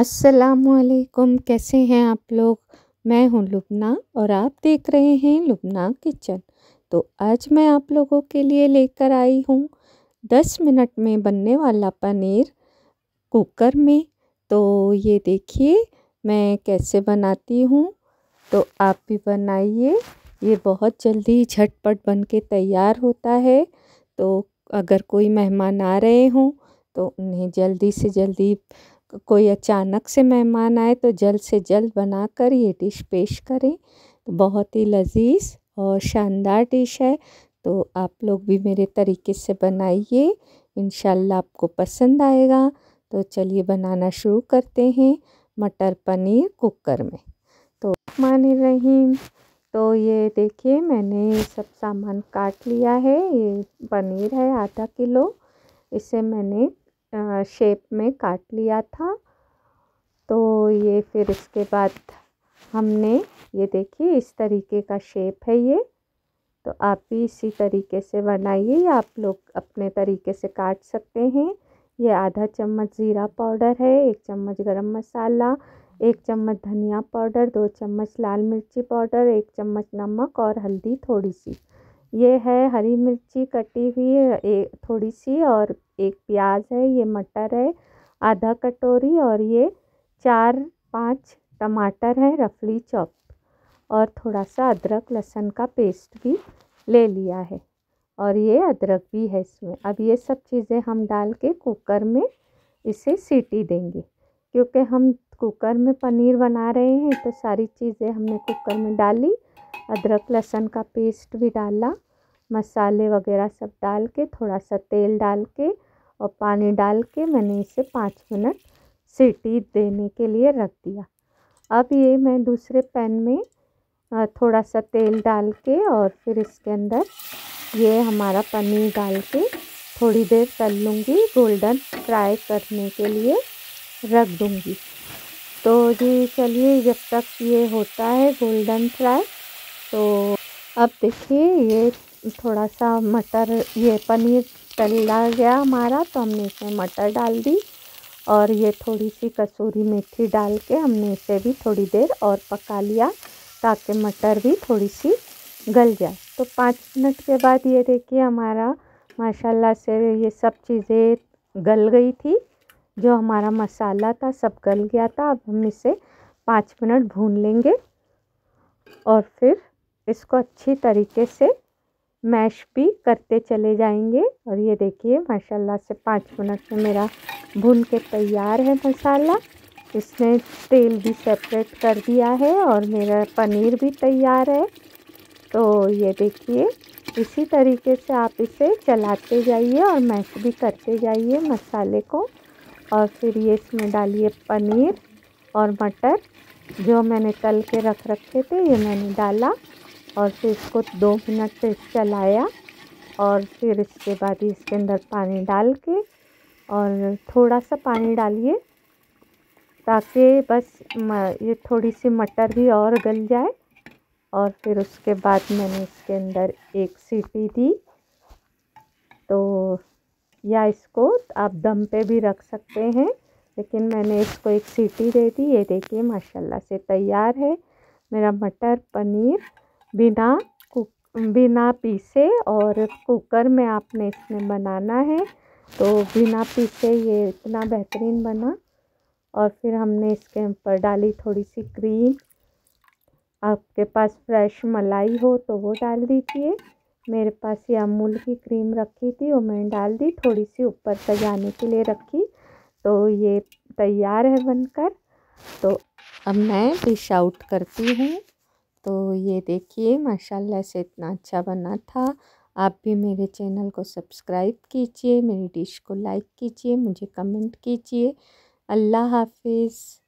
असलकुम कैसे हैं आप लोग मैं हूं लुबना और आप देख रहे हैं लुबना किचन तो आज मैं आप लोगों के लिए लेकर आई हूं दस मिनट में बनने वाला पनीर कुकर में तो ये देखिए मैं कैसे बनाती हूं तो आप भी बनाइए ये बहुत जल्दी झटपट बन के तैयार होता है तो अगर कोई मेहमान आ रहे हों तो उन्हें जल्दी से जल्दी कोई अचानक से मेहमान आए तो जल्द से जल्द बनाकर ये डिश पेश करें तो बहुत ही लजीज और शानदार डिश है तो आप लोग भी मेरे तरीके से बनाइए इन आपको पसंद आएगा तो चलिए बनाना शुरू करते हैं मटर पनीर कुकर में तो मान रही तो ये देखिए मैंने सब सामान काट लिया है ये पनीर है आधा किलो इसे मैंने शेप में काट लिया था तो ये फिर इसके बाद हमने ये देखिए इस तरीके का शेप है ये तो आप भी इसी तरीके से बनाइए या आप लोग अपने तरीके से काट सकते हैं ये आधा चम्मच ज़ीरा पाउडर है एक चम्मच गरम मसाला एक चम्मच धनिया पाउडर दो चम्मच लाल मिर्ची पाउडर एक चम्मच नमक और हल्दी थोड़ी सी ये है हरी मिर्ची कटी हुई थोड़ी सी और एक प्याज है ये मटर है आधा कटोरी और ये चार पाँच टमाटर है रफली चॉप और थोड़ा सा अदरक लहसुन का पेस्ट भी ले लिया है और ये अदरक भी है इसमें अब ये सब चीज़ें हम डाल के कुकर में इसे सीटी देंगे क्योंकि हम कुकर में पनीर बना रहे हैं तो सारी चीज़ें हमने कुकर में डाली अदरक लहसुन का पेस्ट भी डाला मसाले वगैरह सब डाल के थोड़ा सा तेल डाल के और पानी डाल के मैंने इसे पाँच मिनट सीटी देने के लिए रख दिया अब ये मैं दूसरे पैन में थोड़ा सा तेल डाल के और फिर इसके अंदर ये हमारा पनीर डाल के थोड़ी देर तल लूँगी गोल्डन फ्राई करने के लिए रख दूँगी तो जी चलिए जब तक ये होता है गोल्डन फ्राई तो अब देखिए ये थोड़ा सा मटर ये पनीर चला गया हमारा तो हमने इसमें मटर डाल दी और ये थोड़ी सी कसूरी मेथी डाल के हमने इसे भी थोड़ी देर और पका लिया ताकि मटर भी थोड़ी सी गल जाए तो पाँच मिनट के बाद ये देखिए हमारा माशाल्लाह से ये सब चीज़ें गल गई थी जो हमारा मसाला था सब गल गया था अब हम इसे पाँच मिनट भून लेंगे और फिर इसको अच्छी तरीके से मैश भी करते चले जाएंगे और ये देखिए माशाल्लाह से पाँच मिनट में मेरा भून के तैयार है मसाला इसमें तेल भी सेपरेट कर दिया है और मेरा पनीर भी तैयार है तो ये देखिए इसी तरीके से आप इसे चलाते जाइए और मैश भी करते जाइए मसाले को और फिर ये इसमें डालिए पनीर और मटर जो मैंने तल के रख रखे थे ये मैंने डाला और फिर इसको दो मिनट से चलाया और फिर इसके बाद इसके अंदर पानी डाल के और थोड़ा सा पानी डालिए ताकि बस ये थोड़ी सी मटर भी और गल जाए और फिर उसके बाद मैंने इसके अंदर एक सीटी दी तो या इसको आप दम पे भी रख सकते हैं लेकिन मैंने इसको एक सीटी दे दी ये देखिए माशाल्लाह से तैयार है मेरा मटर पनीर बिना कुक बिना पीसे और कुकर में आपने इसमें बनाना है तो बिना पीसे ये इतना बेहतरीन बना और फिर हमने इसके ऊपर डाली थोड़ी सी क्रीम आपके पास फ्रेश मलाई हो तो वो डाल दीजिए मेरे पास ये अमूल की क्रीम रखी थी वो मैंने डाल दी थोड़ी सी ऊपर सजाने के लिए रखी तो ये तैयार है बनकर तो अब मैं डिश आउट करती हूँ तो ये देखिए माशाल्लाह से इतना अच्छा बना था आप भी मेरे चैनल को सब्सक्राइब कीजिए मेरी डिश को लाइक कीजिए मुझे कमेंट कीजिए अल्लाह हाफिज़